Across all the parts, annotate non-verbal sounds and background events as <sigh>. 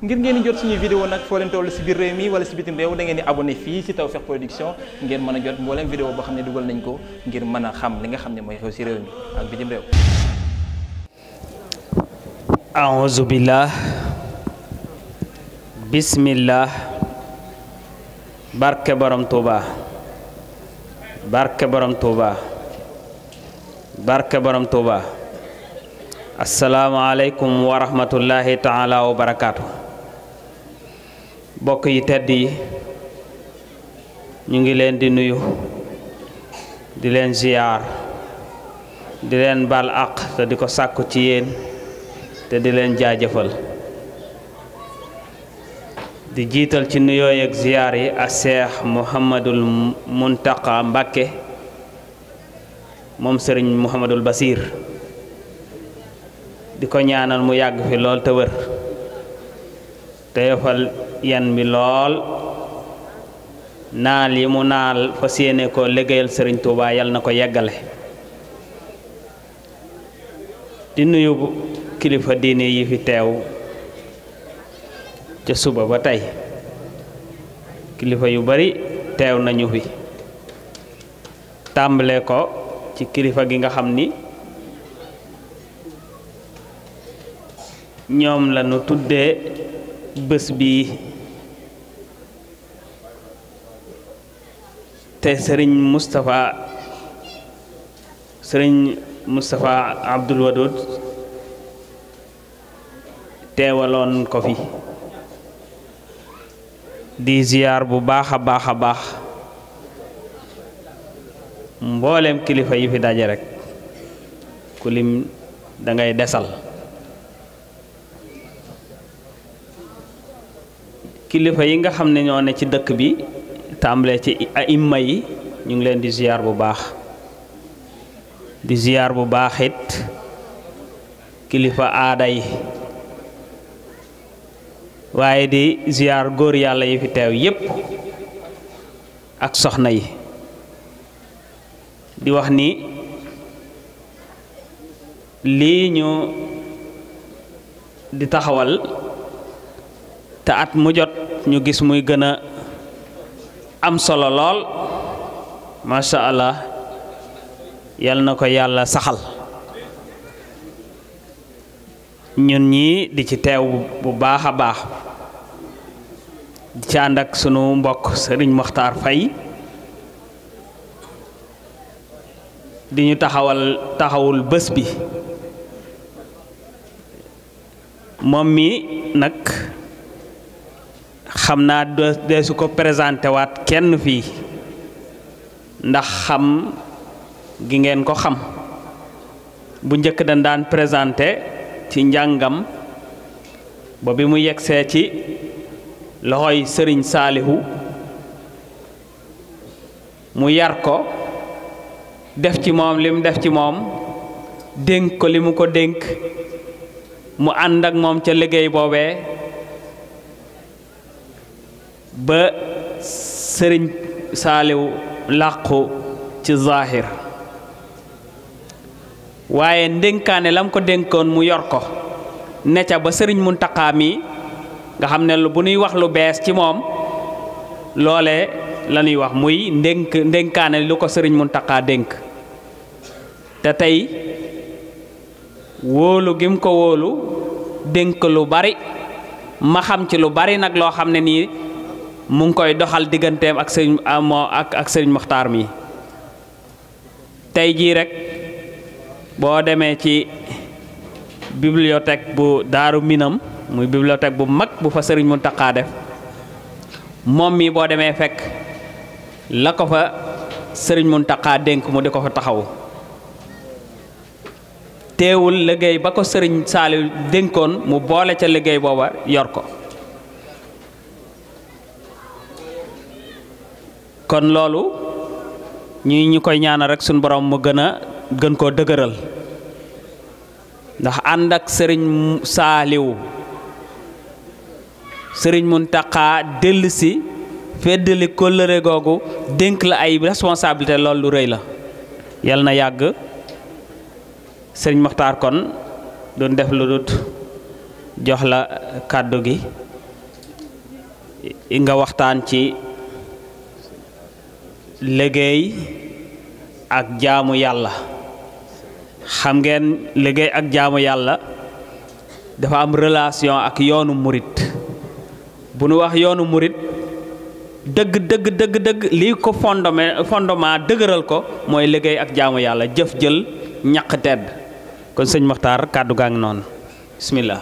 ngir ngeen jot suñuy vidéo nag foo leen toll si biir réew mi wala si bitim réew da ngeen di abonné fii si Tawfekh Production ngeen mën a jot mbooleem vidéo boo xam ne dugal nañ ko ngir mën a xam li nga xam ne mooy xew si réew mi ak bitim réew aouzu billah bismillah barke borom Touba barke borom Touba barke borom Touba asalaamaaleykum wa rahmatullahi taala wa bokk yi tedd yi ñu ngi leen di nuyu di leen ziyaar di leen baal àq te di ko sàkku ci yéen te di leen jaajëfal di jiital ci nuyoo yeeg ziyaar yi a seex muhammadul muntaqa mbàkke moom sëriñ muhammadul basiir di ko ñaanal mu yàgg fi lool te wër te yofal yan bi lool naal yi mu naal fas yéene ko liggéeyal sëriñ Touba na ko yeggale di nuyu kilifa diine yi fi teew ca suba ba tey kilifa yu bari teew nañu fi tàmbale ko ci kilifa gi nga xam ni ñoom lañu nu tuddee bés bii te sëriñ Moustapha sëriñ Moustapha Abdoul Wadoud teewaloon ko fi di bu baax a baax a baax mboolem kilifa yi fi daje rekk ku lim dangay desal kilifa yi nga xam ne ñoo ne ci dëkk bi tàmbalee ci aimma yi ñu ngi leen di ziyaar bu baax di ziyaar bu baax kilifa aada yi waaye di ziyaar góor yàlla yi fi teew yépp ak soxna yi di wax ni lii ñu di taxawal te at mu jot ñu gis muy gën am solo lool macha allah yal na ko yàlla saxal ñun ñi di ci teew bu baax a baax di ci ànd sunu mbokk sëriñ Moxtaar Fay di ñu taxawal taxawul bés bi moom mi nag xam naa dee su ko présente waat kenn fii ndax xam gi ngeen ko xam bu njëkk dañ daan présente ci njàngam ba bi mu yegsee ci loxoy sëriñ saalihu mu yar ko def ci moom li mu def ci moom dénk ko li mu ko dénk mu ànd ak moom ca liggéey boobee ba sëriñ saaliw làqu ci zaahir waaye ndénkaane lam ko dénkoon mu yor ko ne ca ba sëriñ Muntaqa mi nga xam ne bu nuy wax lu bees ci moom loole la wax muy ndénk ndénkaane lu ko sëriñ Muntaqa dénk te tey wóolu gim ko wóolu dénk lu bari ma xam ci lu bari nag loo xam ne nii mu ngi koy doxal digganteem ak sëriñ ah, moo ak ak sëriñ Moxtaar mi tey jii rek boo demee ci bibliothèque bu Daaru Minam muy bibliothèque bu mag bu fa sëriñ Muntaxa def moom mii boo demee fekk la ko fa sëriñ Muntaxa dénk mu di ko fa taxawu teewul liggéey ba ko sëriñ Saaliw dénkoon mu boole ca liggéey booba yor ko kon loolu ñi ñu koy ñaanal rekk suñu borom mu gën a gën koo dëgëral ndax ànd ak sëriñ saaliwu sëriñ mun Muntaxa dellusi feddali kóllëre googu dénk la ay responsabilité loolu lu rëy la yal na yàgg sëriñ Moxtaar kon doon def lu dut jox la kàddu gi nga waxtaan ci liggéey ak jaamu yàlla xam ngeen liggéey ak jaamu yàlla dafa am relation ak yoonu murit bu nu wax yoonu murit dëgg dëgg dëgg dëgg lii ko fondement fondement dëgëral ko mooy liggéey ak jaamu yàlla jëf jël ñaq tedd kon sëñ Maxtaar kàddu gaa ngi noonu bismillah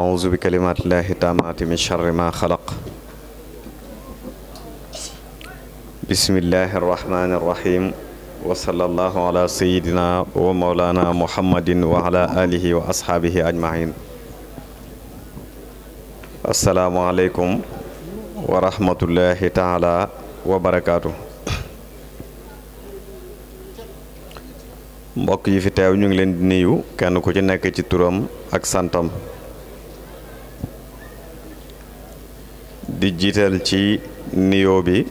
auzu bi kalimaatillaahi taamaati min sharri maa xalaq bismillaahi arrahmaani arrahiim wa wa mawlaana muhammadin wa ala wa ashaabihi ajmahin assalaamu wa barakaatu mbokk yi fi teew ñu ngi leen di nuyu kenn ku ci nekk ci turam ak santam di jiital ci niyoo bi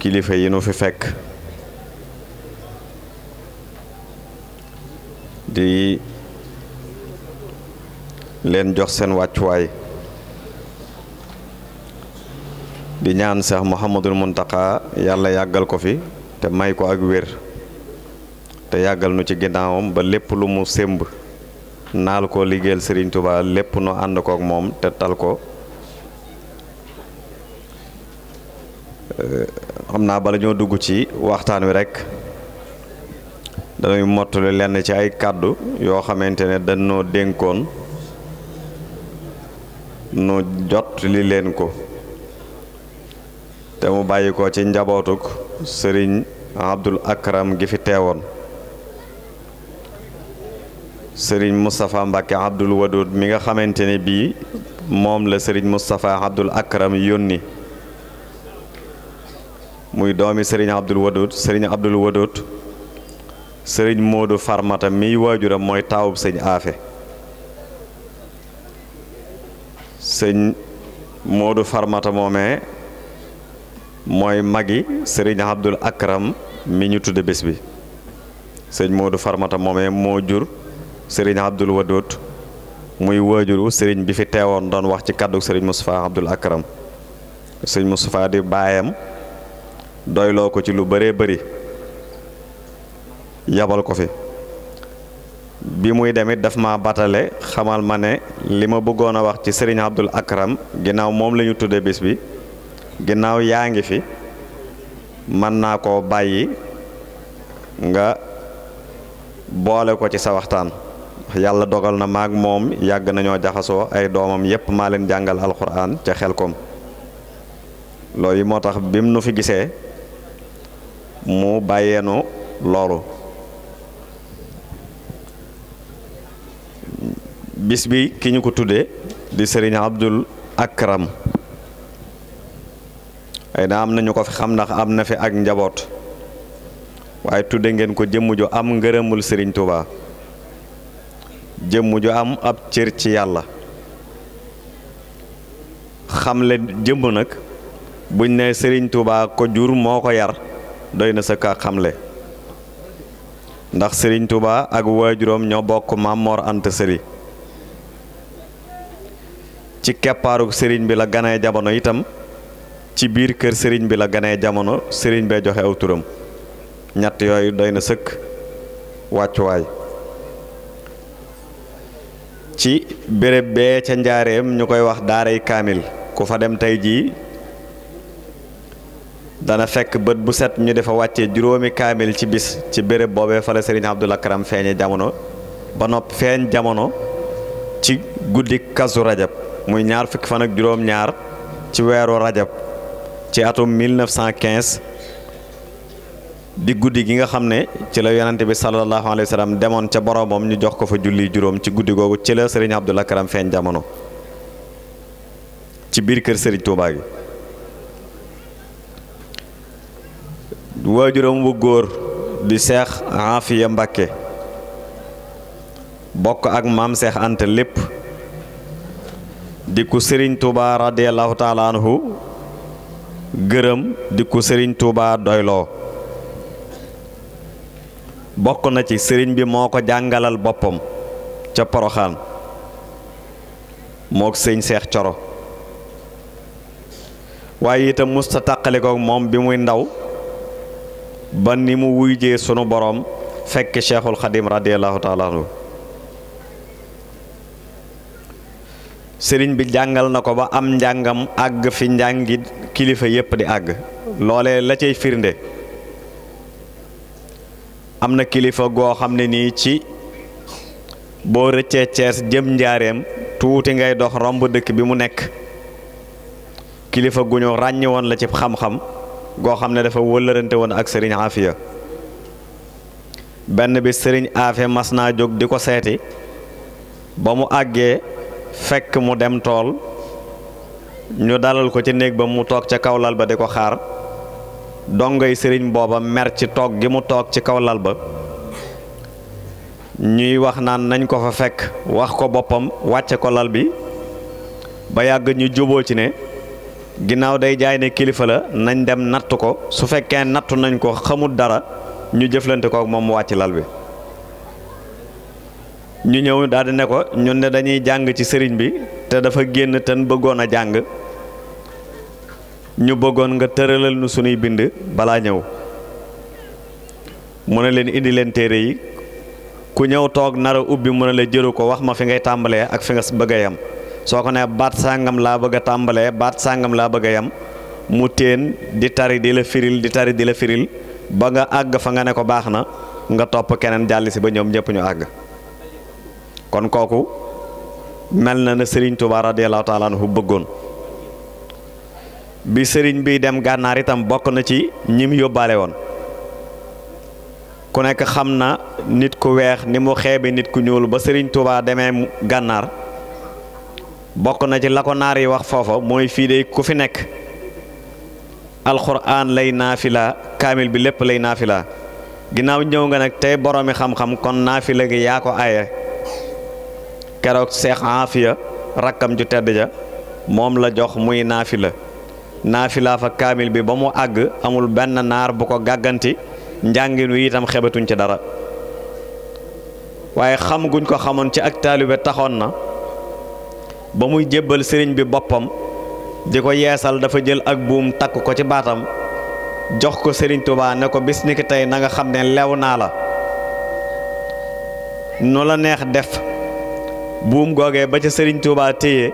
kilifa yi nu fi fekk di leen jox seen wàccuwaay di ñaan sax Muhammadul Muntaka yàlla yàggal ko fi te may ko ak wér te yàggal nu ci ginnaawam ba lépp lu mu sémb naal ko liggéeyal Serigne Touba lépp nu ànd ko ak moom te tal ko xam naa bala ñoo dugg ci waxtaan wi rek dañuy mottali lenn ci ay kàddu yoo xamante ne dañ noo dénkoon nu jot li leen ko te mu bàyyi ko ci njabootuk sëriñ Abdul Akram gi fi teewoon sëriñ Moustapha Mbacke Abdul Wadud mi nga xamante ne bii moom la sëriñ Moustapha Abdul Akram yónni muy doomi sëriñ Abdul Wadoot sëriñ Abdul Wadoot sëriñ Moodu Farmata miy waajuram mooy taawub sëñ Aafe sëñ Moodu Farmata moomee mooy magi sëriñ Abdul Akram mi ñu tudde bés bi sëñ Moodu Farmata moomee moo jur sëriñ Abdul Wadoot muy waajuru sëriñ bi fi teewoon doon wax ci kàddu sëriñ Moustapha Abdul Akram sëñ Moustapha di baayam doyloo ko ci lu bëree bari yabal ko fi bi muy demit daf ma batale xamal ma ne li ma bëggoon a wax ci sëriñ Abdul Akram ginnaaw moom lañu ñu tudde bis bi ginnaaw yaa ngi fi mën naa koo bàyyi nga boole ko ci sa waxtaan yàlla dogal na maag moom yàgg nañoo jaxasoo ay doomam yépp maa leen jàngal alxuraan ca xel kom loolu moo tax bim nu fi gisee mu bàyyeenu loolu bis bi ki ñu ko tuddee di sëriñ Abdul Akram ay na am na ñu ko fi xam ndax am na fi ak njaboot waaye tudde ngeen ko jëmm ju am ngërëmul sëriñ Touba jëmm ju am ab cër ci yàlla xamle jëmm nag buñ ne sëriñ Touba ko jur moo ko yar doy na sa kaa xamle ndax sëriñ Touba ak waajuram ñoo bokk Maam ant Anta ci keppaaruk sëriñ bi la ganee jamono itam ci biir kër sëriñ bi la ganee jamono sëriñ bee joxe aw turam ñett yooyu doy na sëkk wàccuwaay ci béréb bee ca njaareem ñu koy wax daaray kaamil ku fa dem tey jii dana fekk bët bu set ñu defa wàccee juróomi kaamil ci bis ci béréb boobee fa la Serigne Abdoul Akram feeñe jamono ba nopp feeñ jamono ci guddi kasu rajab muy ñaar fukki fan ak juróom ñaar ci weeru rajab ci atum 1915 di guddi gi nga xam ne ci la yonante bi sallallahu alayhi wa sallam demoon ca boromam ñu jox ko fa julli juróom ci guddi googu ci la Serigne Abdoul Akram feeñ jamono ci biir kër Serigne Touba gi waajuram wu góor di seex Aafiya Mbàkke bokk ak maam seex ante lépp di ku sëriñ Tuuba radiyallahu taala gërëm di ku sëriñ Tuuba doyloo bokk na ci sëriñ bi moo ko jàngalal boppam ca Poroxaan mook sëñ seex Coro waaye itam musta tàqalikook moom bi muy ndaw ba ni mu wuyjee sunu boroom fekk cheikhul xadim radiallahu taala sëriñ bi jàngal na ko ba am njàngam àgg fi njàngi kilifa yépp di àgg loole la cay firnde am na kilifa goo xam ne nii ci boo rëccee Cees jëm njaareem tuuti ngay dox romb dëkk bi mu nekk kilifa gu ñu ràññi woon la ci xam-xam goo xam ne dafa wëllërante woon ak sëriñ Aafiya benn bi sëriñ Aafiya mas naa jóg di ko seeti ba mu àggee fekk mu dem tool ñu dalal ko ci néeg ba mu toog ca kaw lal ba di ko xaar dongoy sëriñ booba mer ci toog gi mu toog ci kaw lal ba ñuy wax naan nañ ko fa fekk wax ko boppam wàcce ko lal bi ba yàgg ñu juboo ci ne ginnaaw day jaay ne kilifa la nañ dem natt ko su fekkee nattu nañ ko xamul dara ñu jëflante ko ak moom mu wàcc lal bi ñu ñëw daal ne ko ñun ne dañuy jàng ci sëriñ bi te dafa génn ten bëggoon a jàng ñu bëggoon nga tëralal nu sunuy bind balaa ñëw mu ne leen indi leen téere yi ku ñëw toog nara ubbi mu ne la jëru ko wax ma fi ngay tàmbalee ak fi nga bëgg yam soo ko ne baat sàngam laa bëgg a tàmbalee baat sàngam laa bëgg a yem mu téen di tari di la firil di tari di la firil ba nga àgg fa nga ne ko baax na nga topp keneen jàll si ba ñoom ñëpp ñu àgg kon kooku mel na ne Serigne Touba radiyallahu taala anhu bëggoon bi sëriñ bi dem gànnaar itam bokk na ci ñim yóbbaale woon ku nekk xam na nit ku weex ni mu xeebe nit ku ñuul ba Serigne Touba demee gànnaar. bokk na ci la ko naar yi wax foofa mooy fii de ku fi nekk alxuraan lay naafila kaamil bi lépp lay naafila ginnaaw ñëw nga nag tey boroomi xam-xam kon naafila gi yaa ko aaye keroog seex aafiya rakkam ju tedd ja moom la jox muy naafila naafila fa kaamil bi ba mu àgg amul benn naar bu ko gàgganti njàngin wi itam xebatuñ ci dara waaye xam guñ ko xamoon ci ak taalibe taxoon na ba muy jébbal sëriñ bi boppam di ko yeesal dafa jël ak buum takk ko ci baatam jox ko sëriñ Tuubaa ne ko bis ni tey na nga xam ne lew naa la nu la neex def buum googee ba ca sëriñ Tuubaa téye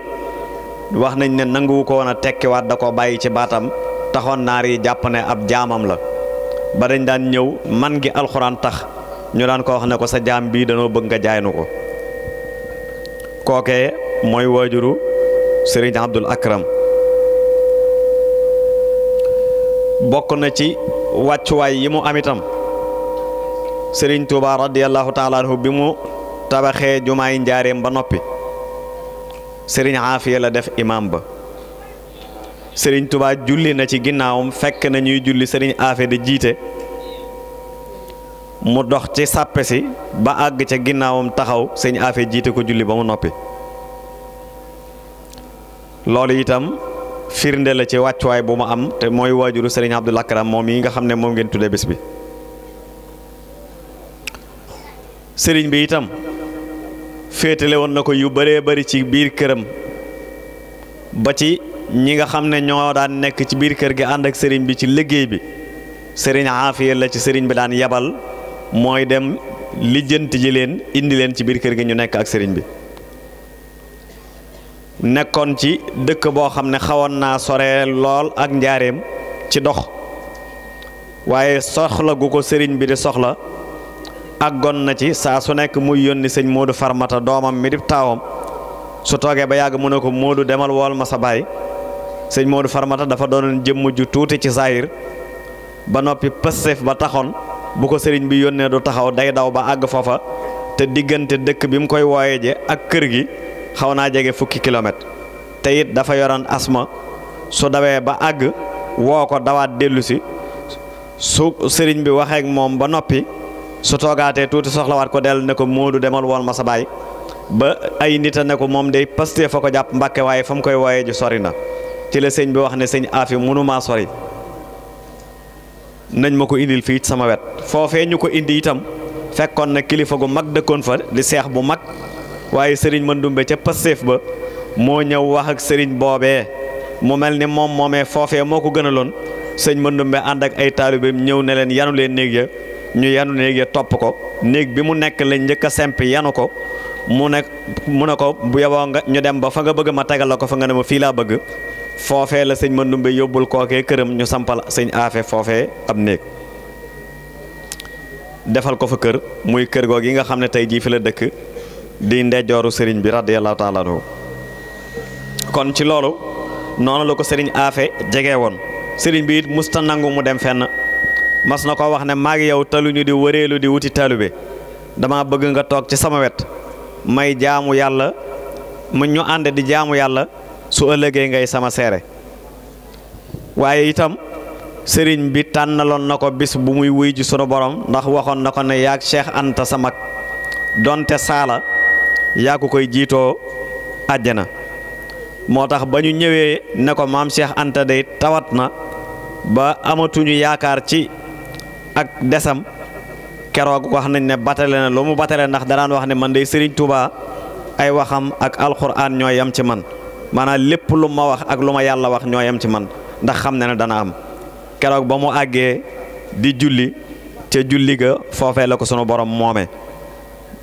wax nañ ne nanguwu ko woon a tekkiwaat da ko bàyyi ci baatam taxoon naar yi jàpp ne ab jaamam la ba dañ daan ñëw man gi alxuraan tax ñu daan ko wax ne ko sa jaam bii danoo bëgg nga jaay ko kookee mooy waajuru sëriñ Abdul Akram bokk na ci wàccuwaay yi mu am itam sëriñ Tuuba radiyallahu taala anhu bi mu tabaxee jumaay njaareem ba noppi sëriñ Aafiya la def imaam ba sëriñ Tuuba julli na ci ginnaawam fekk nañuy ñuy julli sëriñ Aafiya di jiite mu dox ci sàppe si ba àgg ca ginnaawam taxaw sëriñ Aafiya jiite ko julli ba mu noppi loolu itam firnde la ci wàccuwaay bu ma am te mooy waajuru Serigne Abdoul Akram moom yi nga xam ne moom ngeen tuddee bés bi Serigne bi itam féetale woon na ko yu bëree bari ci biir këram ba ci ñi nga xam ne ñoo daan nekk ci biir kër gi ànd ak sëriñ bi ci liggéey bi Serigne Aafiya la ci sëriñ bi daan yabal mooy dem lijjanti ji leen indi leen ci biir kër gi ñu nekk ak sëriñ bi. nekkoon ci dëkk boo xam ne xawoon naa sore lool ak njaareem ci dox waaye soxla ko sëriñ bi di soxla ak àggoon na ci saa su nekk muy yónni sëñ Moodu Farmata doomam mi taawam su toogee ba yàgg mu ne ko Moodu demal wool ma sa baay sëñ Moodu Farmata dafa doon jëmm ju tuuti ci saayir ba noppi pësseef ba taxoon bu ko sëriñ bi yónnee du taxaw day daw ba àgg foofa te diggante dëkk bi mu koy wooyee je ak kër gi xaw naa jege fukki kilomètre te it dafa yoroon asma su dawee ba àgg woo ko dawaat dellusi su sëriñ bi waxee moom ba noppi su toogaatee tuuti soxlawaat ko del ne ko Moodu demal woon ma sa baay ba ay nit a ne ko moom day Pastef fa ko jàpp Mbàkke waaye fa koy wooyee ji sori na ci la sëñ bi wax ne sëñ aafi mënumaa sori nañ ma ko indil fii sama wet foofee ñu ko indi itam fekkoon na kilifa gu mag dëkkoon fa di seex bu mag waaye sëriñ mëndumbe ca Pastef ba moo ñëw wax ak sëriñ boobee mu mel ni moom moomee foofee moo ko gënaloon sëñ mëndumbe ànd ak ay taalibeem ñëw ne leen yanu leen néeg ya ñu yanu néeg ya topp ko néeg bi mu nekk la njëkk a semp yanu ko mu ne mu ne ko bu yeboo nga ñu dem ba fa nga bëgg ma tegal la ko fa nga ne ma fii laa bëgg foofee la sëñ Mandoumbe yóbbul kookee këram ñu sampal sëñ aafe foofee ab néeg defal ko fa kër muy kër googu yi nga xam ne tey jii fi la dëkk di ndejooru sëriñ bi radiyallahu taala anhu kon ci loolu noonu la ko sëriñ aafe jege woon sëriñ bi it musta nangu mu dem fenn mas na ko wax ne maa ngi yow taluñu di wëreelu di wuti taalube dama bëgg nga toog ci sama wet may jaamu yàlla ma ñu ànd di jaamu yàlla su ëllëgee ngay sama seere waaye itam sëriñ bi tànnaloon na ko bis bu muy wuy ji sunu borom ndax waxoon na ko ne yaag Cheikh Anta sa mag saala yaa koy jiitoo àjjana moo tax ba ñu ñëwee ne ko maam Cheikh Anta day tawat na ba amatuñu yaakaar ci ak desam keroog wax nañ ne batale na lu mu batale ndax danaan wax ne man day sëriñ Touba ay waxam ak alxuraan ñoo yem ci man maanaam lépp lu ma wax ak lu ma yàlla wax ñoo yam ci man ndax xam na ne dana am keroog ba mu àggee di julli ca julli ga foofee la ko sunu borom moome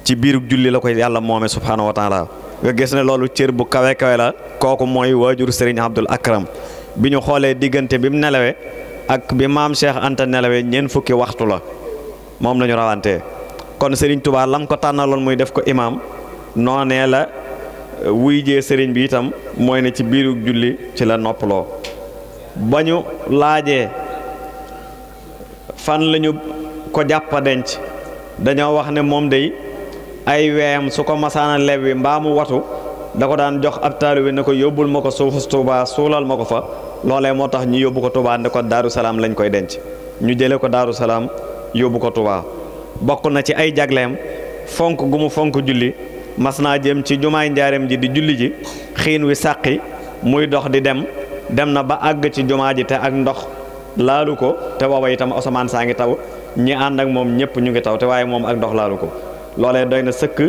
ci biiru julli la ko yàlla moome subhaanahu wa taala nga gis ne loolu cër bu kawe kawe la kooku mooy waajur Serigne Abdul Akram bi ñu xoolee diggante bi mu nelawee ak bi maam Cheikh Anta nelawe ñeent fukki waxtu la moom lañu ñu rawantee kon sëriñ tubaa lam ko tànnaloon muy def ko imaam noonee la euh, wuy jee Serigne bi itam mooy ne ci biiru julli ci la noppaloo ba ñu laajee fan lañu ko jàppa denc dañoo wax ne moom day ay weeyam su ko masaana lebbi mbaa mu watu da ko daan jox ab taalibe ne ko yóbbul ma ko suufus Tuubaa suulal ma ko fa loole moo tax ñu yóbbu ko Tuubaa ne ko Daaru Salaam koy denc ñu jële ko Daaru Salaam yóbbu ko Tuubaa bokk na ci ay jagleem fonk gu mu fonk julli mas naa jëm ci jumaay njaareem ji di julli ji xiin wi sàqi muy dox di dem dem na ba àgg ci jumaa ji te ak ndox laalu ko te booba itam asamaan saa ngi taw ñi ànd ak moom ñëpp ñu ngi taw te waaye moom ak ndox laalu ko loole doy na sëkk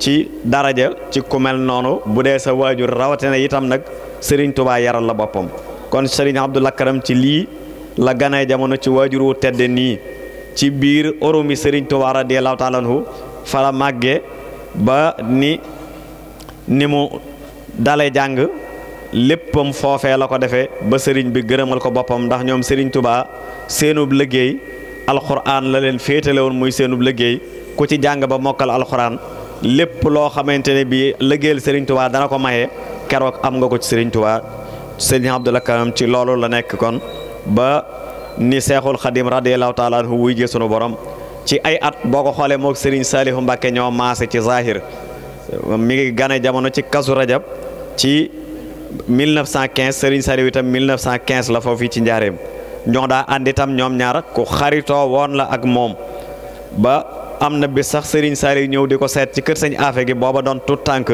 ci daraja ci ku noonu bu dee sa waajur rawatina itam nag Serigne Touba yaral la boppam kon Serigne Abdou Lakram ci lii la ganee jamono ci waajur wu tedde nii ci biir oroomi sëriñ Touba radiyallahu taala anhu fala màgge ba ni ni mu dalee jàng léppam foofee la ko defee ba sëriñ bi gërëmal ko boppam ndax ñoom sëriñ Touba seenub liggéey alxuraan la leen féetale woon muy seenub liggéey ku ci jàng ba mokkal alxuraan lépp loo xamante ne bii liggéeyal Serigne Touba dana ko maye keroog am nga ko ci Serigne Touba Serigne Abdoul Karim ci loolu la nekk kon ba ni seexul xadim radiyallahu taala anhu wuy jee sunu borom ci ay at boo ko xoolee moog Serigne Salihu Mbacke ñoo maase ci Zahir mi ngi gane jamono ci kasu rajab ci 1915 Serigne Salihu itam 1915 la foofu ci njaareem ñoo daa ànd itam ñoom ñaar ku xaritoo woon la ak moom ba. am na bi sax sëriñ Saaliw ñëw di ko seet ci kër sëñ aafe gi booba doon tut tànk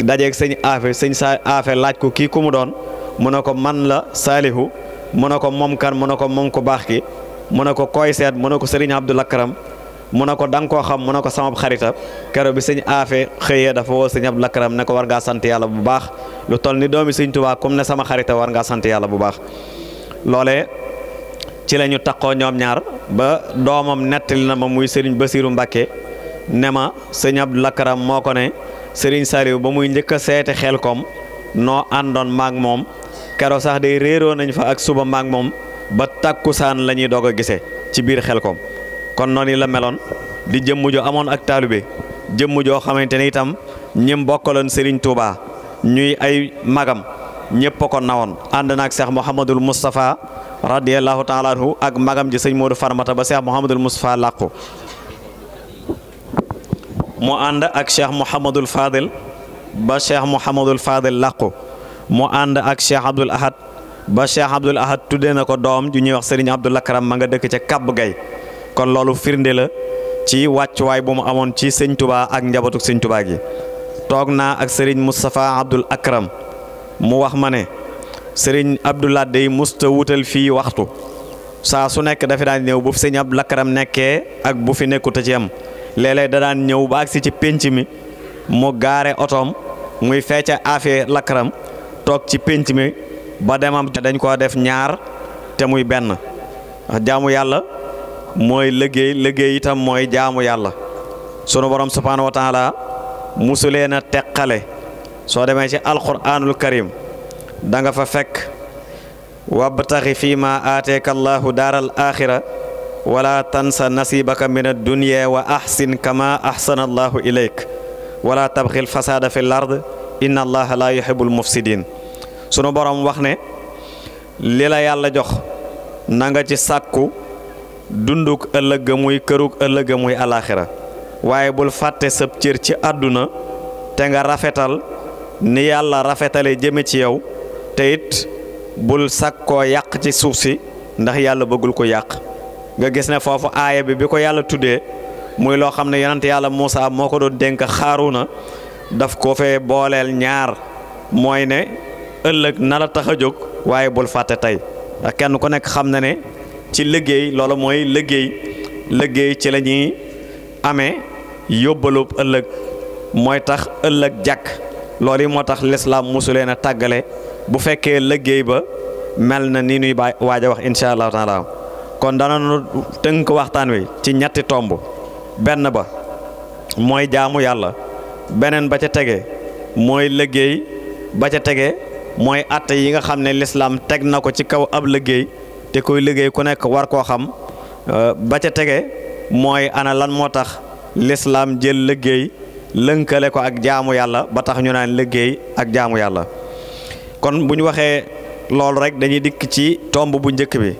dajeeg sëñ aafe sëñ sa aafe laaj ko kii ku mu doon mu ne ko man la saalihu mu ne ko moom kan mu ne ko moom ku baax ki mu ne ko koy seet mu ne ko sëriñ Abdul lakkaram mu ne ko da koo xam mu ne ko sama xarita kero bi sëñ aafe xëyee dafa woo sëñ Abdul Akram ne ko war ngaa sant yàlla bu baax lu toll ni doomi sëñ Tuubaa comme ne sama xarita war ngaa sant yàlla bu baax loolee ci la ñu taqoo ñoom ñaar ba doomam nettali na ma muy sëriñ Basiiru Mbàkke ne ma sëñ Abdou moo ko ne sëriñ Saliou ba muy njëkk a seete xel koom noo àndoon maak moom kero sax day réeroo nañ fa ak suba maak moom ba tàkkusaan la ñuy doog a gisee ci biir xel koom kon noonu la meloon di jëmm joo amoon ak taalibe jëmm joo xamante ni itam ñim bokkaloon sëriñ Touba ñuy ay magam ñëpp ko nawoon ànd naag Seex Muhammadul Moustapha radiallahu taala ak magam ji sëñ Modou Farmata ba Cheikh Mouhamadul Moustapha làqu mu ànd ak Cheikh Mouhamadul Fadil ba Cheikh Mouhamadul Fadil làqu mu ànd ak Cheikh Abdoul Ahad ba Cheikh Abdoul Ahad tuddee na ko doom ju ñuy wax sëriñ Abdoul Akram ma nga dëkk ca Kàbb Gay kon loolu firnde la ci wàccuwaay bu mu amoon ci sëñ Touba ak njabootu sëñ Touba gi toog naa ak sëriñ Moustapha Abdoul Akram mu wax ma ne. sëriñ Abdou Lahad day musta wutal fii waxtu saa su nekk dafa daan ñëw bu fi sëñ Abdou nekkee ak bu fi nekkut a ci am léeg da daan ñëw ba agsi ci pénc mi mu gaare otoom muy feeca affaire Lakaram toog ci pénc mi ba demam dañ koo def ñaar te muy benn jaamu yàlla mooy liggéey liggéey itam mooy jaamu yàlla sunu borom subhaanahu wa taala musuleen a teqale soo demee ci alquraanul karim danga fa fekk wabtaxi fi ma aateeka allahu daaral axira wala tansa nasibaka min addunya wa axsin kama axsana ilayk wala tabxil fasaada fi lard inna allaha la yuhibbul mufsidin sunu boroom wax ne li yàlla jox na nga ci sàkku dunduk ëllëga muy kërug ëllëga muy alaxira waaye bul fàtte sab cër ci àdduna te nga rafetal ni yàlla rafetale jëme ci yow te it bul sàkkoo yàq ci suuf si ndax yàlla bëggul ko yàq nga gis ne foofu aaya bi bi ko yàlla tuddee muy loo xam ne yonent yàlla Muusa moo ko doon dénk Xaaruuna daf ko fee booleel ñaar mooy ne ëllëg nala tax a jóg waaye bul fàtte tey ndax kenn ku nekk xam na ne ci liggéey loolu mooy liggéey liggéey ci la ñuy amee yóbbalub ëllëg mooy tax ëllëg jàkk loolu yi moo tax lislaam musu leen a tàggale bu fekkee liggéey ba mel na ni nuy waaj a wax incha allahu taala kon danañu tënk waxtaan wi ci ñetti tomb benn ba mooy jaamu yàlla beneen ba ca tege mooy liggéey ba ca tege mooy atte yi nga xam ne lislaam teg na ko ci kaw ab liggéey te koy liggéey ku nekk war koo xam ba ca tege mooy ana lan moo tax lislaam jël liggéey lënkale ko ak jaamu yàlla ba tax ñu naan liggéey ak jaamu yàlla kon bu ñu waxee loolu rek dañuy dikk ci tomb bu njëkk bi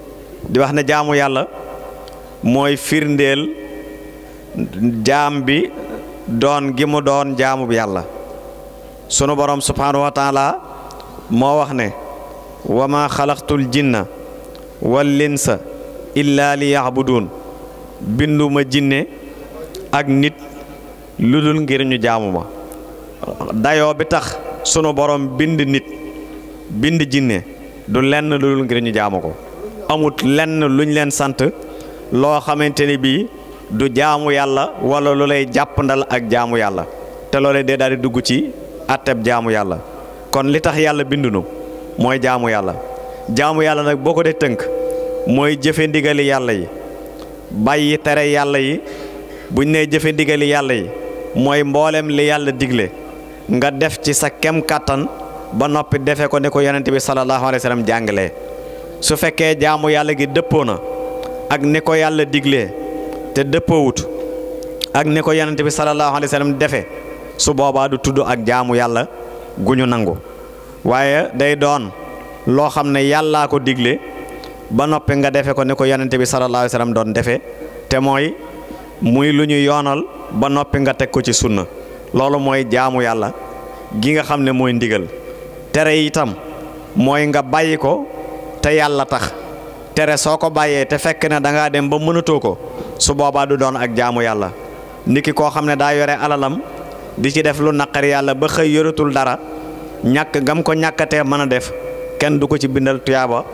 di wax ne jaamu yàlla mooy firndeel jaam bi doon gi doon jaamu bi yàlla sunu borom subhaanahu wa moo wax ne wa ma xalaqtul jinna wal insa illa li ya'budun binduma jinné ak nit lu dul ngir ñu jaamu ma dayoo bi tax sunu borom bind nit bind jinné du lenn lu dul ngir jaamu ko amut lenn luñ leen sant loo xamante ni bii du jaamu yàlla wala lu lay jàpp ndal ak jaamu yàlla te loolee dee daal di dugg ci atteb jaamu yàlla kon li tax yàlla bindunu mooy jaamu yàlla jaamu yàlla nag boo ko dee tënk mooy jëfe ndigali yàlla yi bàyyi tere yàlla yi buñ nee jëfe ndigali yàlla yi mooy mboolem li yàlla digle nga def ci sa kem kàttan ba noppi defee ko ni ko yonent bi sallallahu alayhi wa sallam su fekkee jaamu yàlla gi dëppoo na ak ni ko yàlla digle te dëppoowut ak ni ko yonent bi sallallahu alayhi wa sallam defee su boobaa du tudd ak jaamu yàlla gu ñu nangu waaye day doon loo xam ne yàllaa ko digle ba noppi nga defee ko ni ko yonent bi sallallahu alayhi doon defee te mooy muy lu ñu yoonal ba noppi nga teg ko ci sunna loolu mooy jaamu yàlla gi nga xam ne mooy ndigal tere itam mooy nga bàyyi ko te yàlla tax tere soo ko bàyyee te fekk na da ngaa dem ba mënatoo ko su boobaa du doon ak jaamu yàlla ki koo xam ne daa yore alalam di ci def lu naqari yàlla ba xëy yoratul dara ñàkk ngam ko ñàkkatee mën a def kenn du ko ci bindal tuyaaba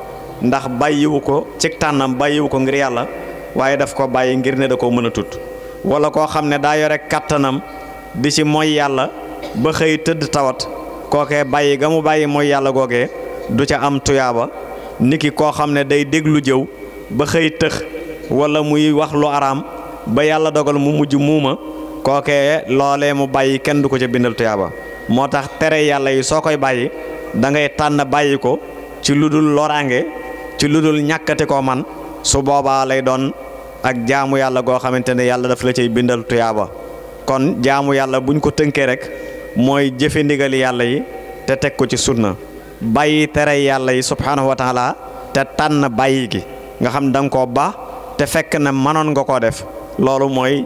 ndax bàyyiwu ko ci tànnam bàyyiwu ko ngir yàlla waaye daf ko bàyyi ngir ne da koo mën a koo xam ne daa yore kàttanam di ci mooy yàlla ba xëy tëdd tawat kookee bàyyi ga mu bàyyi mooy yàlla googe du ca am tuyaaba niki koo xam ne day déglu jëw ba xëy tëx walla muy wax lu araam ba yàlla dogal mu mujj muuma kookee loole mu bàyyi kenn du ko ca bindal tuyaaba moo tax tere yàlla yi soo koy bàyyi da ngay tànn bàyyi ko ci lu dul loraange ci lu dul ñàkkati ko man su boobaa lay doon ak jaamu yàlla goo xamante ne yàlla daf la cay bindal tuyaaba kon jaamu yàlla buñ ko tënkee rek mooy jëfe ndigali yàlla yi te teg ko ci sunna bàyyi tere yàlla yi subhaanahu wa te tànn bàyyi gi nga xam da nga koo baax te fekk na manoon nga koo def loolu mooy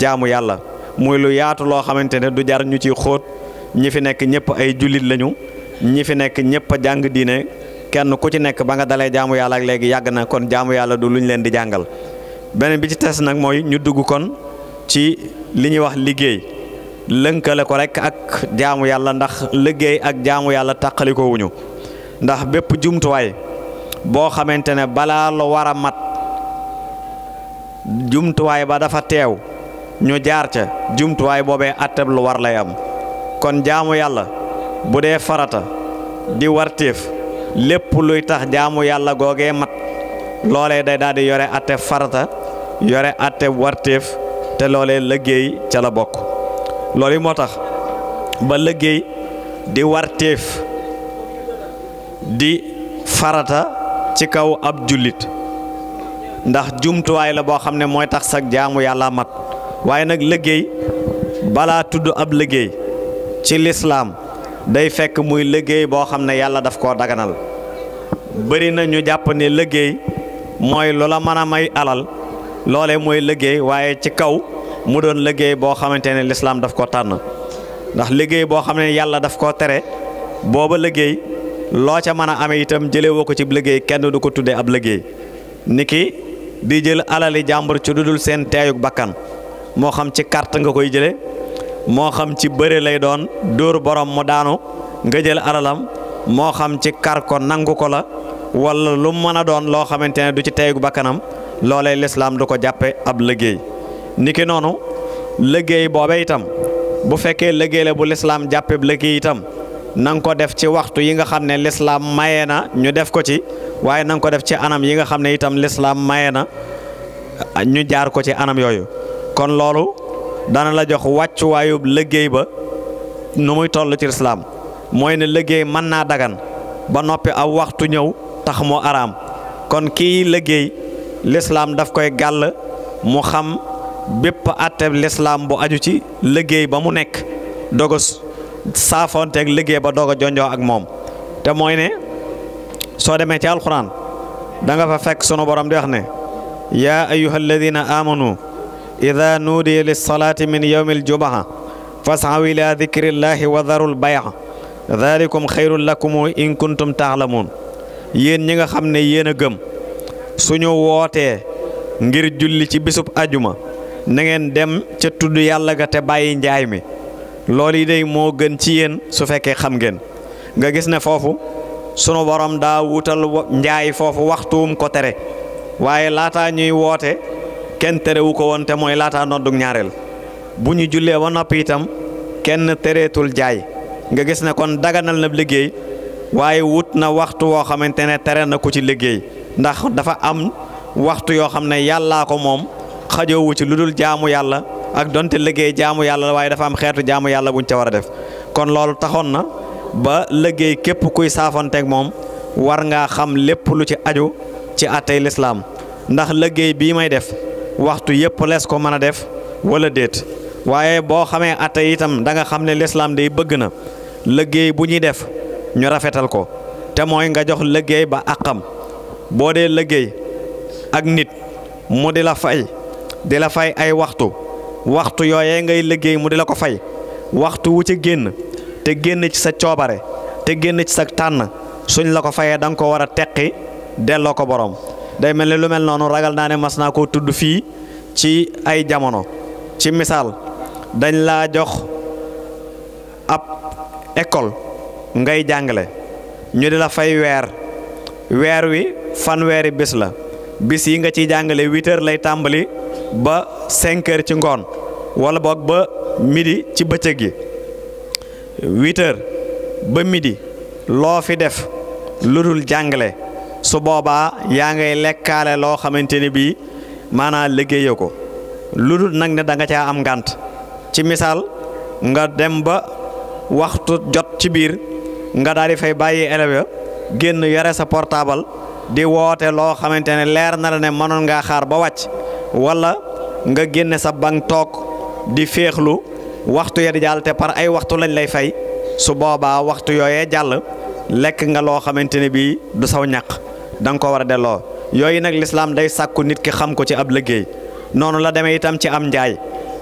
jaamu yàlla muy lu yaatu loo xamante ne du jar ñu ci xóot ñi fi nekk ñëpp ay jullit lañu ñi fi nekk ñëpp a jàng diine kenn ku ci nekk ba nga dalee jaamu yàlla ak léegi yàgg na kon jaamu yàlla du lu ñu leen di jàngal beneen bi ci tes nag mooy ñu dugg kon ci li ñuy wax liggéey. lënkale ko rek ak jaamu yàlla ndax liggéey ak jaamu yàlla tàqaliko ndax bépp jumtuwaay boo xamante ne balaa lu war a mat jumtuwaay ba dafa teew ñu jaar ca jumtuwaay boobee atteb lu war lay am kon jaamu yàlla bu dee farata di wartéef lépp luy tax jaamu yàlla googee mat loolee day daal di yore atteb farata yore atteb wartéef te loolee liggéey ca la bokk lool yi moo tax ba liggéey di warteef di farata ci kaw ab jullit ndax jumtuwaay la boo xam ne mooy tax sag jaamu yàlla mat waaye nag liggéey balaa tudd ab liggéey ci lislaam day fekk muy liggéey boo xam ne yàlla daf koo daganal bëri na ñu jàpp ne liggéey mooy loola mën a may alal loole mooy liggéey waaye ci kaw mu doon liggéey boo xamante ne lislaam daf ko tànn ndax liggéey boo xam ne yàlla daf koo tere booba liggéey loo ca mën a amee itam jëlee woo ko ci liggéey kenn du ko tuddee ab liggéey ki di jël alali jàmbur ci dul seen teeyug bakkan moo xam ci carte nga koy jëlee moo xam ci bëre lay doon dóor borom mu daanu nga jël alalam moo xam ci kar ko nangu ko la wala lu mën a doon loo xamante ne du ci teeyug bakkanam loolee lislaam du ko jàppe ab liggéey niki noonu liggéey boobe itam bu fekkee liggéey bu lislaam jàppeb liggéey itam na nga ko def ci waxtu yi nga xam ne lislaam maye na ñu def ko ci waaye na ko def ci anam yi nga xam ne itam lislaam maye na ñu jaar ko ci anam yooyu kon loolu dana la jox wàccuwaayub liggéey ba nu muy toll ci lislaam mooy ne liggéey mën naa dagan ba noppi aw waxtu ñëw tax mu araam kon kii liggéey lislaam daf koy gàll mu xam bépp àtteeb lislaam bu aju ci liggéey ba mu nekk doog a saafoonteeg liggéey ba doog a jonjoo ak moom te mooy ne soo demee ci alxuraan danga fa fekk sunu borom di wax ne yaa ayuha alladina amanu ida nuudiya lissalaati min yowmi aljumaha fasaaw ila dikrillahi wa darul bay'a dalikum xayrun lakum in kuntum taalamuun yéen ñi nga xam ne yéen a gëm suñu wootee ngir julli ci bisub ajuma na ngeen dem ca tudd yàlla ga te bàyyi njaay mi loolu yi day moo gën ci yéen su fekkee xam ngeen nga gis ne foofu sunu borom daa wutal njaay foofu waxtuum ko tere waaye laataa ñuy woote kenn terewu ko woon te mooy laataa noddug ñaareel bu ñu jullee ba noppi itam kenn tereetul jaay nga gis ne kon daganal na liggéey waaye wut na waxtu woo xamante ne tere na ku ci liggéey ndax dafa am waxtu yoo xam ne yàllaa ko moom xajoowu ci lu dul jaamu yàlla ak donte liggéey jaamu yàlla waaye dafa am xeetu jaamu yàlla buñ ca war a def kon loolu taxoon na ba liggéey képp kuy saafanteeg moom war ngaa xam lépp lu ci aju ci àttey lislaam ndax liggéey bii may def waxtu yépp lees ko mën a def wala déet waaye boo xamee àttey itam danga xam ne lislaam day bëgg na liggéey bu ñuy def ñu rafetal ko te mooy nga jox liggéey ba àqam boo dee liggéey ak nit mu di la fay di la fay ay waxtu waxtu yooyee ngay liggéey mu di la ko fay waxtu wu ci génn te génn ci sa coobare te génn ci sa tànn suñ la ko fayee danga ko war a teqi delloo ko boroom day mel ni lu mel noonu ragal naa ne mas naa koo tudd fii ci ay jamono ci misaal dañ la jox ab école ngay jàngale ñu di la fay weer weer wi fanweeri bés la bis yi nga ciy jàngale huit lay tàmbali ba cinq ci ngoon wala boog ba midi ci bëccëg gi huit ba midi loo fi def lu dul jàngale su boobaa yaa ngay lekkaale loo xamante ni bii maanaa liggéeyoo ko lu dul nag ne da nga caa am ngànt ci misaal nga dem ba waxtu jot ci biir nga daal di fay bàyyi élèves ya génn yare sa portable. di woote loo xamante ne leer na la ne mënoon ngaa xaar ba wàcc wala nga génne sa bank toog di féexlu waxtu ya di jàll te par ay waxtu lañ lay fay su boobaa waxtu yooyee jàll lekk nga loo xamante ne bii du saw ñàq danga ko war a delloo yooyu nag lislaam day sàkku nit ki xam ko ci ab liggéey noonu la demee itam ci am njaay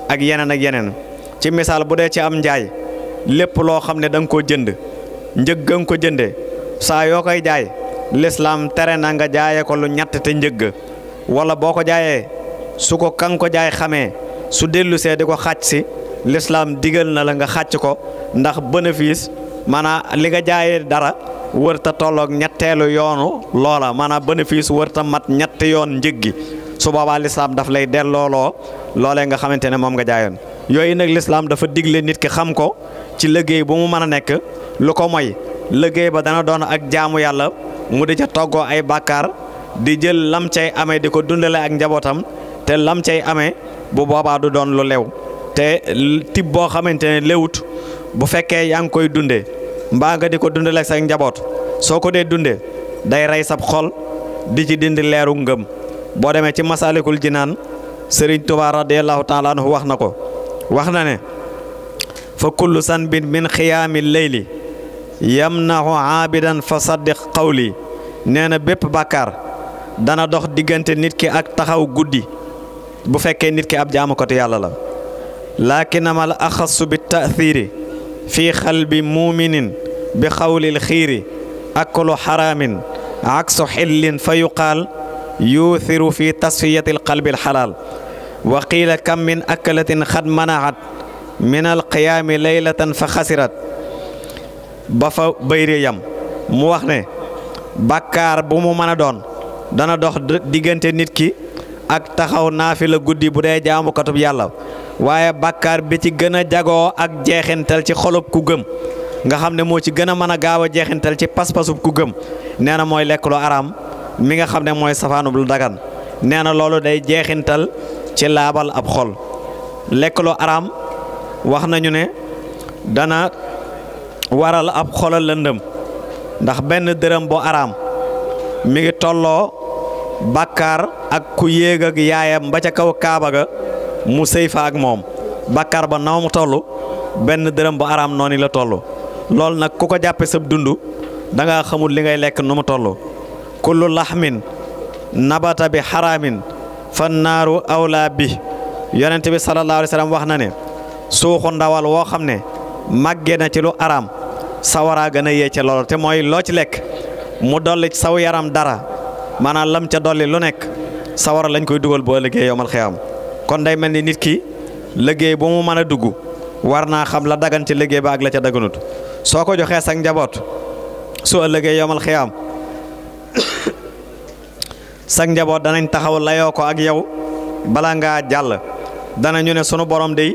ak yeneen ak yeneen ci misaal bu dee ci am njaay lépp loo xam ne danga nga koo jënd njëg nga ko jëndee saa yoo koy jaay. lislaam tere na nga jaaye ko lu ñett te njëgg wala boo ko jaayee su ko kan ko jaay xamee su dellu see di ko xàcc si lislaam digal na la nga xàcc ko ndax bénéfice maanaam li nga jaayee dara wërta tolloog ñetteelu yoonu loola maanaam bénéfice wërta mat ñetti yoon njëg gi su boobaa lislaam daf lay dellooloo loole nga xamante ne moom nga jaayoon yooyu nag lislaam dafa digle nit ki xam ko ci liggéey bu mu mën a nekk lu ko moy liggéey ba dana doon ak jaamu yàlla mu di ca toggoo ay bàkkaar di jël lam cay amee di ko dundale ak njabootam te lam cay amee bu boobaa du doon lu lew te tib boo xamante ne lewut bu fekkee yaa ngi koy dundee mbaa nga di ko dundale ak sa njaboot soo ko dee dundee day rey sab xol di ci dindi leeru ngëm boo demee ci masalikul jinaan sëriñ Tuubaa radiyallaahu taala anhu wax na ko wax na ne fa kullu san bin min xiyaami leyli yamnahu aabidan fa saddiq qawli nee na bépp bàkkaar dana dox diggante nit ki ak taxaw guddi bu fekkee nit ki ab jaamukatu yàlla la laakinamal axasu bi taathiiri fii xalbi muuminin bi xawlil xiiri aklu xaraamin aksu xillin fa yuqaal yuuthiru fi tasfiyatil qalbil xalaal wa qiila kam min akalatin xad manaxat min alqiyaami leylatan fa xasirat ba fa bayre yam mu wax ne bakkaar bu mu mën a doon dana dox diggante nit ki ak taxaw naafi la guddi bu dee jaamukatub yàlla waaye bakkaar bi ci gën a jagoo ak jeexintal ci xolub ku gëm nga xam ne moo ci gën a mën a gaaw a jeexintal ci pas-pasub ku gëm nee na mooy lekk araam mi nga xam ne mooy safaanub lu dagan nee na loolu day jeexintal ci laabal ab xol lekk araam wax nañu ne dana waral ab xola lëndëm ndax benn dërëm bu araam mi ngi tolloo bàkkaar ak ku yéeg ak yaayam ba ca kaw kaaba ga mu sëy fa ak moom bàkkaar ba naw mu toll benn dërëm bu araam nooni la toll loolu nag ku ko jàppe sab dund danga nga xamul li ngay lekk nu mu toll kullu laxmin nabata bi xaraamin fa naaru awlaa bi yonent bi sallallahu alayhi wa sallam wax na ne suuxu ndawal woo xam ne màggee na ci lu araam sawaraaga na a yee ca loolu te mooy loo ci lekk mu dolli saw yaram dara maanaam lam ca dolli lu nekk sawara lañ koy dugal boo liggéey yomal xiyam kon day mel ni nit ki liggéey bu mu mën a dugg war naa xam la dagan ca liggéey ba ak la ca daganut soo ko joxee sa njaboot su ëllëgee yomal xiyam <coughs> sa njaboot danañ taxaw layoo ko ak yow bala ngaa jàll danañu ne sunu borom dey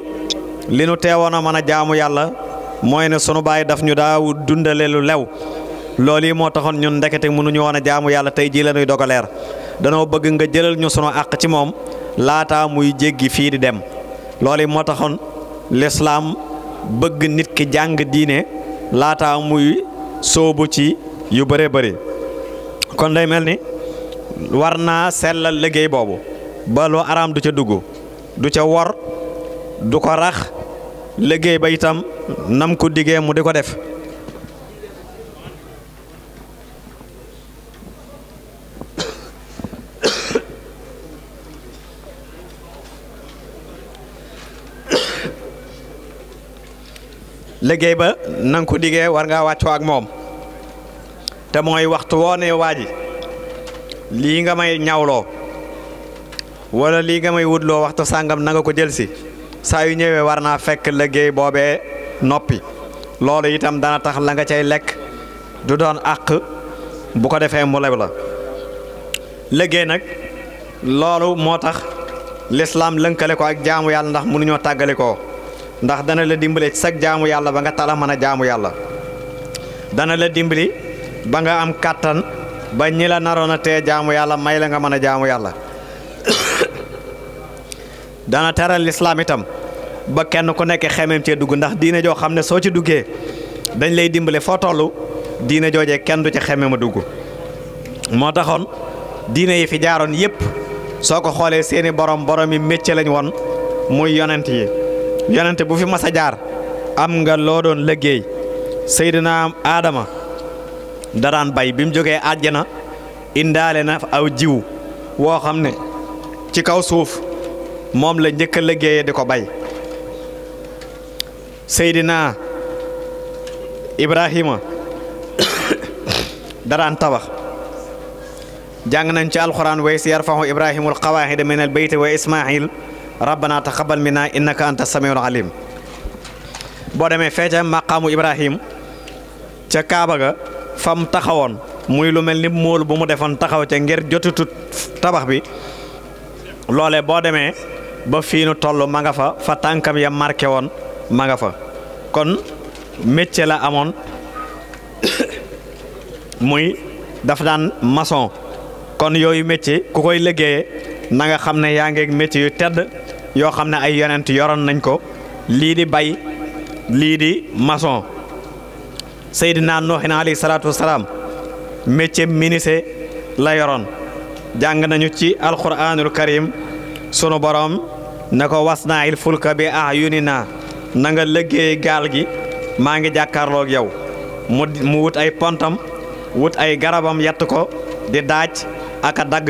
li nu teewoon a mën a jaamu yàlla. mooy ne sunu baay daf ñu daaw dundale lu lew loolu yi moo taxoon ñun ndekete mënuñu woon a jaamu yàlla tey jii la ñuy dogaleer danoo bëgg nga jëlal ñu sunu àq ci moom laata muy jéggi fii di dem lool yi moo taxoon lislaam bëgg nit ki jàng diine laata muy soobu ci yu bëree bëri kon day mel ni war naa sellal liggéey boobu ba lu araam du ca dugg du ca wor du ko rax liggéey ba itam nam ko diggee mu di ko def liggéey ba nanga ko diggee war ngaa wàccoo ak moom te mooy waxtu woo ne waa ji lii nga may ñawloo walla lii nga may wutloo waxtu sàngam na nga ko jëlsi saa yu ñëwee war naa fekk liggéey boobee noppi loolu itam dana tax la nga cay lekk du doon àq bu ko defee mu leb la liggéey nag loolu moo tax lislaam lënkale ko ak jaamu yàlla ndax mënuñoo tàggale ko ndax dana la dimbali ci sag jaamu yàlla ba nga tala mën a jaamu yàlla dana la dimbali ba nga am kàttan ba ñi la naroon a tee jaamu yàlla may la nga mën a jaamu yàlla dana teral lislaam itam ba kenn ku nekk xemeem cee dugg ndax diine joo xam ne soo ci duggee dañ lay dimbale foo tollu diine joojee kenn du ci xemeem a dugg moo taxoon diine yi fi jaaroon yépp soo ko xoolee seeni borom borom yi métier lañ woon muy yonent yi yonent bu fi mas a jaar am nga loo doon liggéey Seydina Adama da daan bay bi mu jógee àjjana indaale na aw jiw woo xam ne ci kaw suuf. moom la njëkk a liggéeyee di ko bay Seydina Ibrahima <coughs> daraan tabax jàng nañ ci alxuraan way si yarfahu ibrahimul qawaahida min al bayti wa ismail rabbana taqabal minna innaka anta samiul alim boo demee feeca maqaamu ibrahim ca kaaba ga fam taxawoon muy lu mel ni móol ba mu defoon taxaw ca ngir jotutut tabax bi loole boo demee ba fii nu toll ma nga fa fa tànkam ya marqué woon ma nga fa kon métier la amoon <coughs> muy dafa daan maçon kon yooyu métier ku koy liggéeyee na nga xam ne yaa ngeeg métier tedd yoo xam ne ay yonent yoroon nañ ko lii di bay lii di maçon Seydina Nuuhin alayhi salaatu wasalaam métier menuisier la yoroon jàng nañu ci alquranul karim sunu boroom ne ko was naa il fulka bi ayunina naa nanga liggéey gaal gi maa ngi jàkkaarloog yow mu mu wut ay pontam wut ay garabam yett ko di daaj ak dagg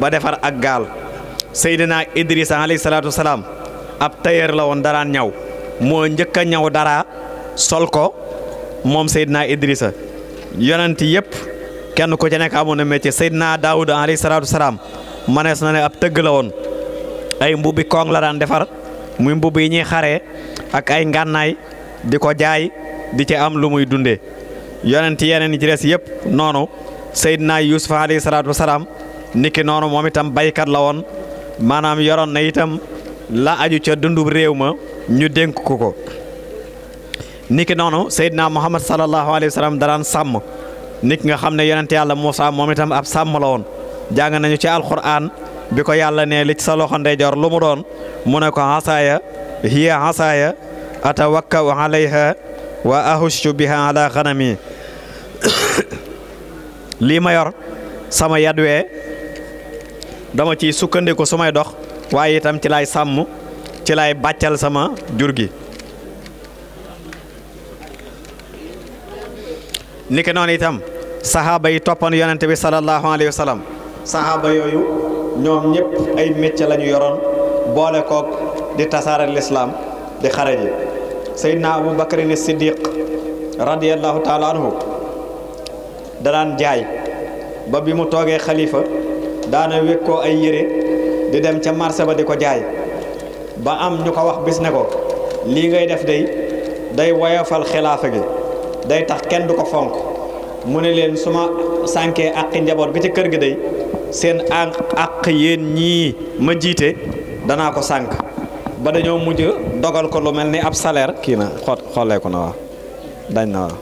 ba defar ak gaal Seydina Idrissa alayhi salaatu salaam ab tailleur la woon daraan ñaw moo njëkk a ñaw dara sol ko moom Seydina Idrissa yonent yëpp kenn ku ci nekk amoon na métier Seydina Daawuda alayhi salaatu salaam manees na ne ab tëgg la woon ay mbubbi koŋ la daan defar muy mbubb yi ñuy xaree ak ay ngànnaay di ko jaay di ci am lu muy dundee yonent yeneen yi ci des yëpp noonu Seydina Yuusuf alayhi salaatu wasalaam niki noonu moom itam baykat la woon maanaam yoroon na itam la aju ca dundub réew ma ñu dénk ko ko niki noonu Seydina Muhammad sallallahu alayhi wa sallam daraan sàmm niki nga xam ne yonent yàlla Muusa moom itam ab sàmm la woon jàng nañu ci alquran bi ko yàlla ne li sa loxo ndeyjoor lu mu doon mu ne ko xasaaya hiya xasaaya atawakkau alayha wa ahushu biha ala xanami <coughs> lii ma yor sama yadwee dama ci sukkandiku su may dox waaye itam ci lay sàmm ci lay bàccal sama jur gi niki noonu itam saxaaba yi toppan yonente bi sallallahu alayhi wa sallam yooyu ñoom ñëpp ay métier lañu ñu yoroon boole koog di tasaare lislaam di xare ji Seydina Abu Bakrin Siddiq radiyallahu taala anhu danaan jaay ba bi mu toogee xalifa daana wékkoo ay yére di dem ca marché ba di ko jaay ba am ñu ko wax bis ne ko lii ngay def day day woyofal xilaafa gi day tax kenn du ko fonk mu ne leen su ma sànkee àqi njaboot bi ci kër gi day seen àq àq yéen ñii ma jiite danaa ko sànq ba dañoo mujj dogal ko lu mel ni ab salaire kii na xool xooleeku na waaw dañ na waaw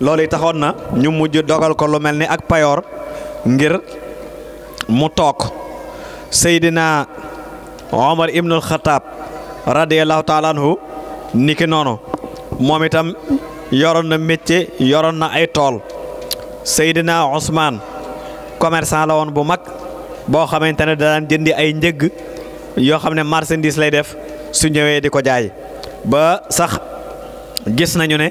loolu yi taxoon na ñu mujj dogal ko lu mel ni ak payoor ngir mu toog Seydina Omar ibnul Xataab radiyallahu taala anhu niki noonu moom itam yoroon na métier yoroon na ay tool Seydina Ousmane commerçant la woon bu mag boo xamante ne daan jëndi ay njëgg yoo xam ne marchandise lay def su ñëwee di ko jaay ba sax gis nañu ne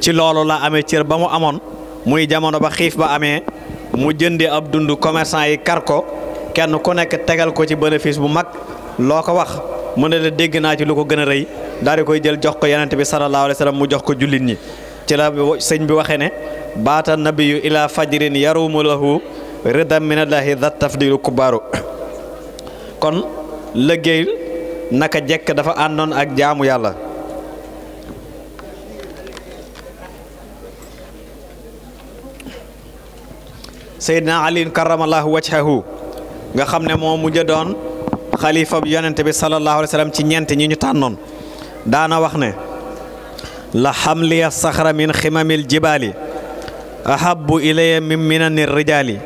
ci loolu la amee cër ba mu amoon muy jamono ba xiif ba amee mu jëndi ab dund commerçant yi kar ko kenn ku nekk tegal ko ci bénéfice bu mag loo ko wax mu ne la dégg naa ci lu ko gën a rëy koy jël jox ko yonent bi sallallahu alayhi wa mu jox ko jullit ñi ci la sëñ bi waxee ne baata nabiyu ila fajrin yarumu lahu ridam minallahi dat tafdilu kubaaru kon liggéey naka jekk dafa àndoon ak jaamu yàlla seydina aliin karamallahu wajhahu nga xam ne moo mujj doon xalifa bi yonente bi sallallahu alayhi wa ci ñeent ñi ñu tànnoon daana wax ne la xamliya saxra min ximamil jibaali ahabu ilaya min minani rijaali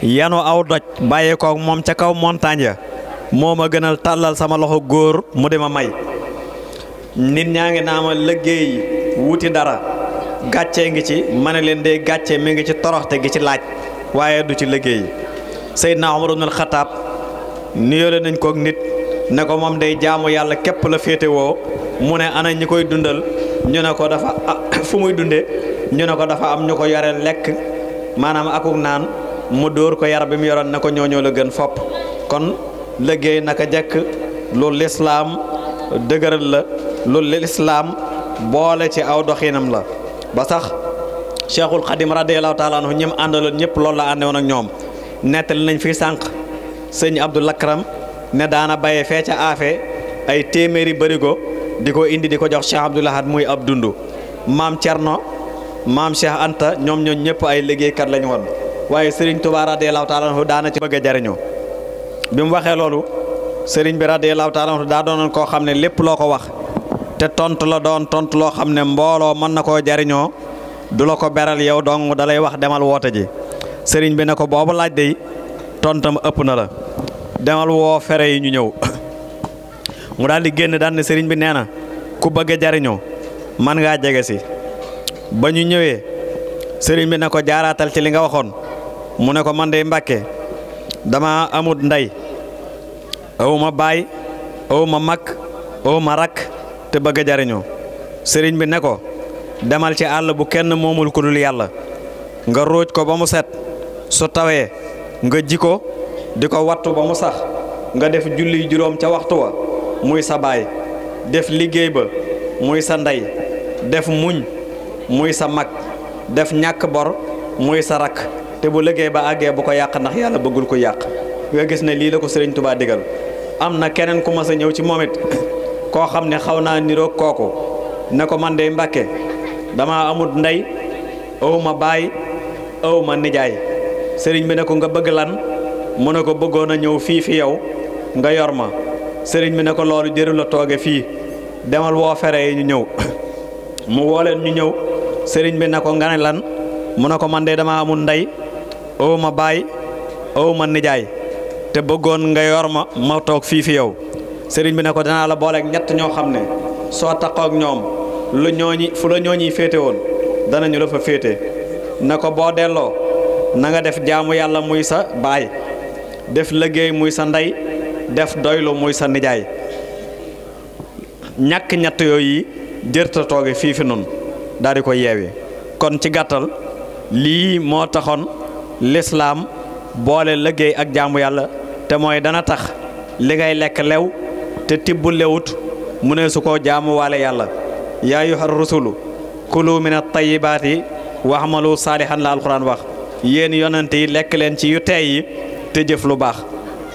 yanu aw doj bàyyi ko moom ca kaw montagne ya moo ma gënal tàllal sama loxo góor mu di ma may nit ñaa ngi naa ma liggéey wuti dara gàccee ngi ci ma ne leen dee gàccee mi ngi ci toroxte gi ci laaj waaye du ci liggéey Seydina Omar ibn Xataab nuyoole nañ koog nit ne ko moom day jaamu yàlla képp la féete woo mu ne ana ñi koy dundal ñu ne ko dafa ah, <coughs> fu muy dundee ñu ne ko dafa am ñu ko yore lekk maanaam akuk naan mu dóor ko yar bi mu yoroon ne ko ñooñoo la gën fopp kon liggéey naka jekk lu lislaam dëgëral la lu lislaam boole ci aw doxinam la ba sax cheikhul xadim radiallahu taala anhu ñim àndaloon ñëpp lool la àndewoon ak ñoom nettali nañ fii sànq sëñ abdul akram ne daana bayee fee ca aafe ay téeméeri bërigo di ko indi di ko jox cheikh abdul ahad muy ab dund maam cerno maam cheikh anta ñoom ñoo ñëpp ay liggéeykat lañu woon waaye sëriñ tuba radiallahu taala anhu daana ci bëgg a jariñu bi mu waxee loolu sëriñ bi radiallahu taala anhu daa doonoon koo xam ne lépp loo ko wax te tontu la doon tontu loo xam ne mbooloo mën na koo jariñoo du la ko beral yow dong dalay wax demal woote ji sëriñ bi ne ko boobu laaj day tontam ëpp na la demal woo fere yi ñu ñëw mu daldi génn daan sëriñ bi nee na ku bëgg jariñoo man ngaa jege si ba ñu ñëwee sëriñ bi ne ko jaaraatal ci li nga waxoon mu ne ko man dey mbàkke dama amut ndey awuma baay awuma mag awuma rakk te bëgg jariñoo sëriñ bi ne ko demal ci àll bu kenn moomul ku dul yàlla nga róoj ko ba mu set su tawee nga ji ko di ko wattu ba mu sax nga def julli juróom ca waxtu wa muy sa baay def liggéey ba muy sa ndey def muñ muy sa mag def ñàkk bor muy sa rakk te bu liggéey ba àggee bu ko yàq ndax yàlla bëggul ko yàq nga gis ne lii la ko sëriñ Tuubaa digal am na keneen ku mas a ñëw ci moom koo xam ne xaw naa niroog kooku ne ko man dey mbakke dama amut ndey awma baay awma nijaay sëriñ bi ne ko nga bëgg lan mu ne ko bëggoon a ñëw fii fi yow nga yor ma sëriñ bi ne ko loolu jëru la tooge fii demal woo fere yi ñu ñëw <coughs> mu woo ñu ñëw sëriñ bi ne ko nga lan mu ne ko man dey dama amut ndey awma baay awma nijaay te bëggoon nga yor ma ma toog fii fi yow sëriñ bi ne ko danaa la booleeg ñett ñoo xam ne soo taqoog ñoom lu ñooñi fu la ñooñi féete woon danañu la fa féete na ko boo delloo nanga def jaamu yàlla muy sa baay def liggéey muy sa ndey def doylu muy sa nijaay ñàkk ñett yooyu jërta tooge fii fi nun daal di ko yeewi kon ci gàttal lii moo taxoon lislaam boole liggéey ak jaamu yàlla te mooy dana tax li ngay lekk lew te tibb lewut mu ne su ko jaamuwaale yàlla yaa ayyuha rusulu kulu min at wax ma amalu saalihan la alquran wax yéen yonent yi lekk leen ci yu teey yi te jëf lu baax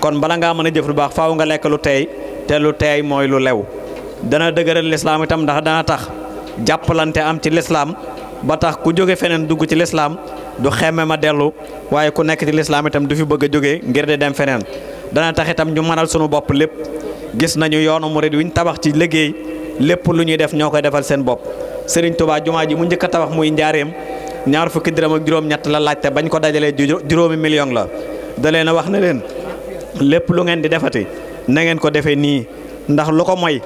kon bala ngaa mën a jëf lu baax faaw nga lekk lu teey te lu teey mooy lu lew dana dëgëral lislaam itam ndax dana tax jàppalante am ci lislaam ba tax ku jóge feneen dugg ci lislaam du xemme ma dellu waaye ku nekk ci lislaam itam du fi bëgg a jóge ngir di dem feneen dana tax itam ñu mënal sunu bopp lépp gis nañu yoonu wi ñu tabax ci léggéey lépp lu ñuy def ñoo koy defal seen bopp Serigne tubaa jumaa ji mu njëkk a tabax muy njaareem ñaar fukki dërëm ak juróom-ñett la laajte bañ ko dajalee juróomi million la da leen a wax na leen lépp lu ngeen di defati na ngeen ko defee nii ndax lu ko moy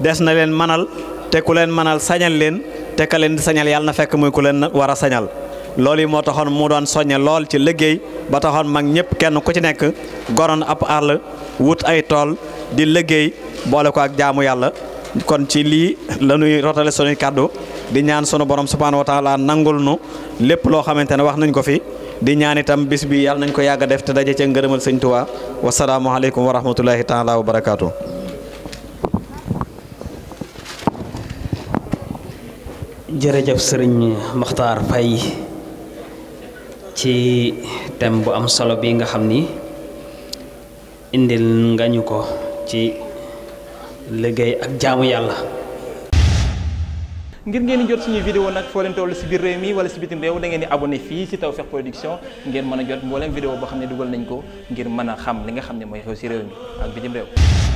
des na leen manal te ku leen manal sañal leen te leen sañal yàlla na fekk muy ku leen war a sañal. loolu yi moo taxoon mu doon soññe lool ci liggéey ba taxoon mag ñëpp kenn ku ci nekk goron ab àll wut ay tool di liggéey boole ko ak jaamu yàlla kon ci lii la ñuy rotale sunuy kàddu di ñaan sunu borom subhaanahu nangul nu lépp loo xamante ne wax nañ ko fi di ñaan itam bis bi yàlla nañ ko yàgg def te daje ca ngërëmal sëñ Tuubaa wasalaamualeykum wa rahmatullahi taala wa barakaatu. jërëjëf sëriñ Makhtar ci thème bu am solo bi nga xam ni indil nga ñu ko ci liggéey ak jaamu yàlla. ngir ngeen jot suñuy vidéo nag foo leen toll si biir réew mi wala si bitim réew da ngeen di abonné fii si Tawfekh Production ngeen mën a jot mbooleem vidéo boo xam ne dugal nañ ko ngir mën a xam li nga xam ne mooy xew si réew mi ak bitim réew.